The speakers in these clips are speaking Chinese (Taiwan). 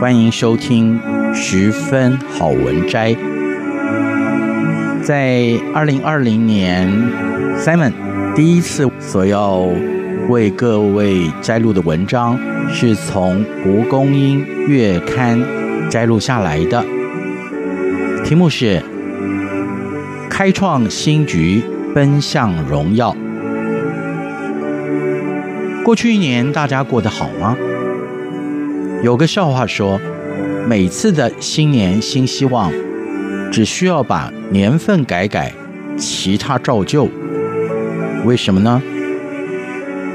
歡迎收聽《十分好文摘》。在二零二零年，Simon 第一次所要為各位摘錄的文章，是從《蒲公英月刊》摘錄下來的，題目是《開創新局，奔向榮耀》。過去一年，大家過得好嗎？有個笑話說，每次的新年新希望，只需要把年份改改，其他照舊。為什麼呢？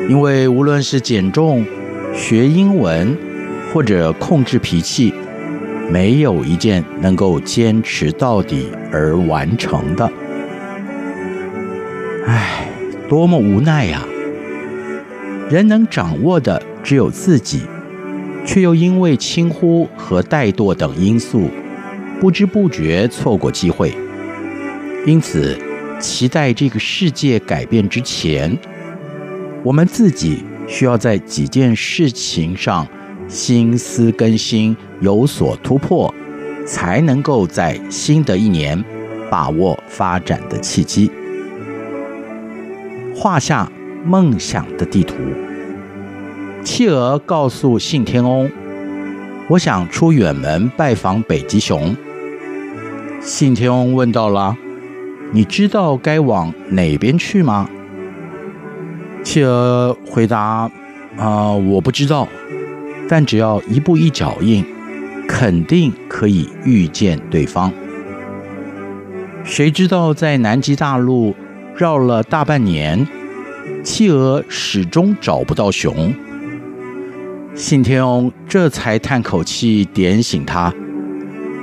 因為無論是減重、學英文，或者控制脾氣，沒有一件能夠堅持到底而完成的。唉，多麼無奈呀！人能掌握的只有自己。卻又因為輕忽和怠惰等因素，不知不覺錯過機會。因此，期待這個世界改變之前，我們自己需要在幾件事情上心思更新，有所突破，才能夠在新的一年把握發展的契機，畫下夢想的地圖。企鵝告訴信天翁：“我想出遠門拜訪北極熊。”信天翁問道：“了，你知道該往哪邊去嗎？”企鵝回答：“啊、呃，我不知道，但只要一步一腳印，肯定可以遇見對方。”誰知道在南極大陸繞了大半年，企鵝始終找不到熊。信天翁這才嘆口氣，點醒他：“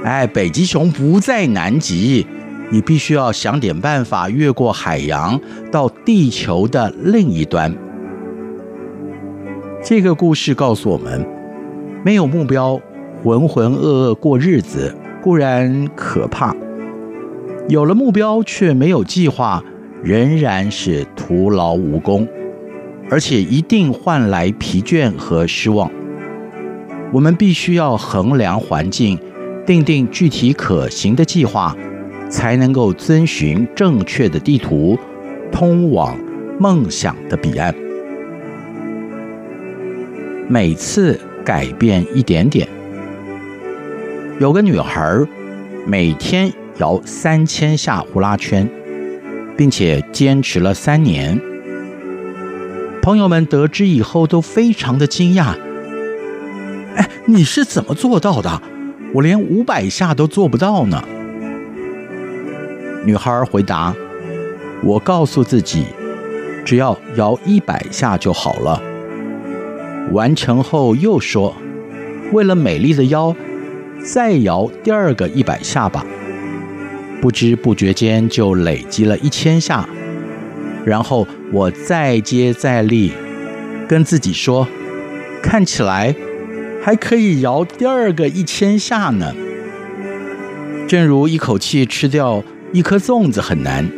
哎，北極熊不在南極，你必須要想點辦法越過海洋，到地球的另一端。”這個故事告訴我們：沒有目標，渾渾噩噩過日子固然可怕；有了目標，卻沒有計劃，仍然是徒勞無功。而且一定換來疲倦和失望。我們必須要衡量環境，定定具體可行的計劃，才能夠遵循正確的地圖，通往夢想的彼岸。每次改變一點點。有個女孩兒每天搖三千下呼啦圈，並且堅持了三年。朋友們得知以後都非常的驚訝，哎，你是怎麼做到的？我連五百下都做不到呢。女孩回答：“我告訴自己，只要搖一百下就好了。完成後又說，為了美麗的腰，再搖第二個一百下吧。不知不覺間就累積了一千下。”然後我再接再厲，跟自己說，看起來還可以搖第二個一千下呢。正如一口氣吃掉一顆粽子很難，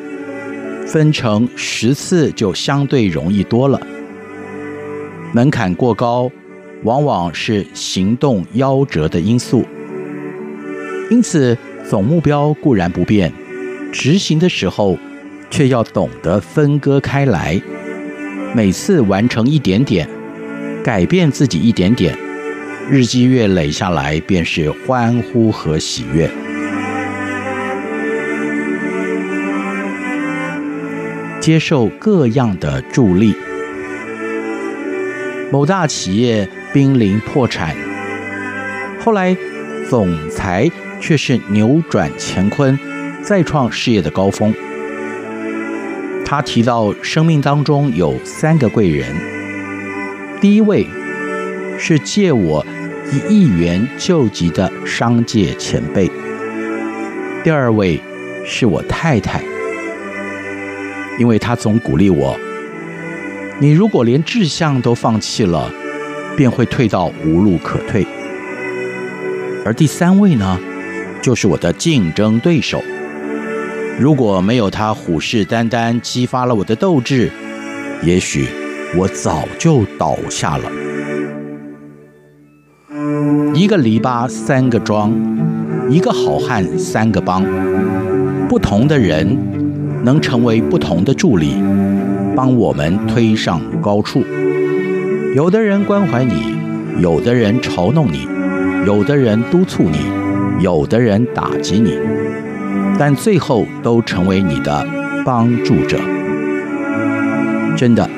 分成十次就相對容易多了。門檻過高，往往是行動夭折的因素。因此，總目標固然不變，執行的時候，卻要懂得分割開來，每次完成一點點，改變自己一點點，日積月累下來，便是歡呼和喜悅。接受各樣的助力，某大企業瀕臨破產，後來，總裁卻是扭轉乾坤，再創事業的高峰。他提到，生命當中有三個貴人，第一位是借我一億元救急的商界前輩，第二位是我太太，因為她總鼓勵我，你如果連志向都放棄了，便會退到無路可退，而第三位呢，就是我的競爭對手。如果沒有他虎視眈眈，激發了我的鬥志，也許我早就倒下了。一個籬笆三個樁，一個好漢三個幫。不同的人能成為不同的助力，幫我們推上高處。有的人關懷你，有的人嘲弄你，有的人督促你，有的人打擊你。但最後都成為你的幫助者，真的。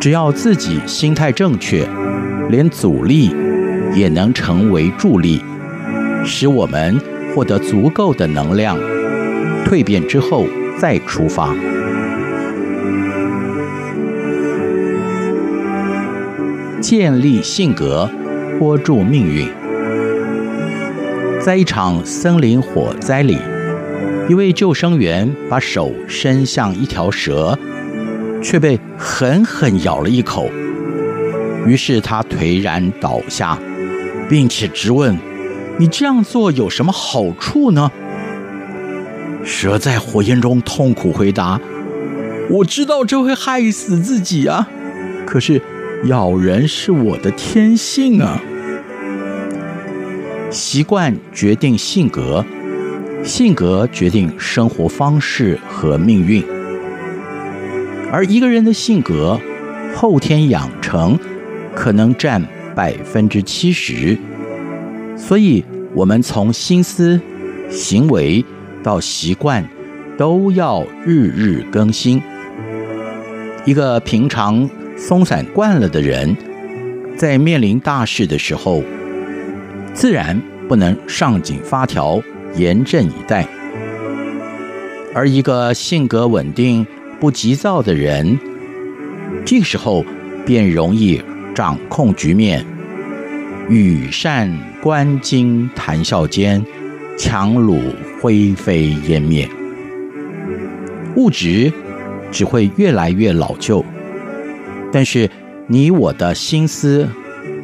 只要自己心態正確，連阻力也能成為助力，使我們獲得足夠的能量，蛻變之後再出發。建立性格，托住命運。在一場森林火災裡，一位救生員把手伸向一條蛇，卻被狠狠咬了一口。於是他頹然倒下，並且質問：“你這樣做有什麼好處呢？”蛇在火焰中痛苦回答：“我知道這會害死自己啊，可是咬人是我的天性啊。”習慣決定性格，性格決定生活方式和命運。而一個人的性格後天養成，可能占百分之七十。所以，我們從心思、行為到習慣，都要日日更新。一個平常鬆散慣了的人，在面臨大事的時候，自然不能上緊發條，嚴陣以待，而一個性格穩定、不急躁的人，這個時候便容易掌控局面。羽扇綸巾，談笑間，檣櫓灰飛煙滅。物質只會越來越老舊，但是你我的心思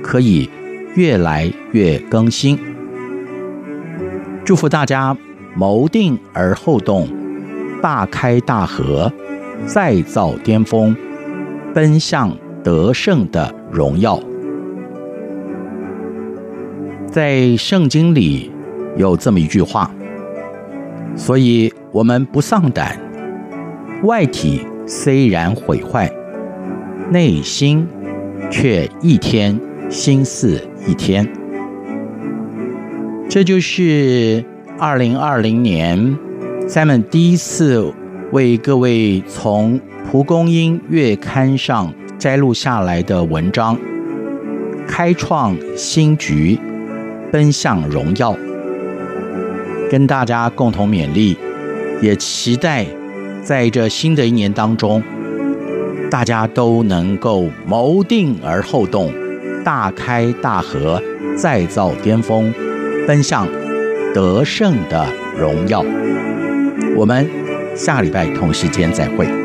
可以越來越更新，祝福大家謀定而後動，大開大合，再造巔峰，奔向得勝的榮耀。在聖經裡有這麼一句話，所以我們不喪膽。外體雖然毀壞，內心卻一天。新似一天。這就是二零二零年咱們第一次為各位從《蒲公英》月刊上摘錄下來的文章，開創新局，奔向榮耀，跟大家共同勉勵，也期待在這新的一年當中，大家都能夠謀定而後動。大開大合，再造巔峰，奔向得勝的榮耀。我們下禮拜同時間再會。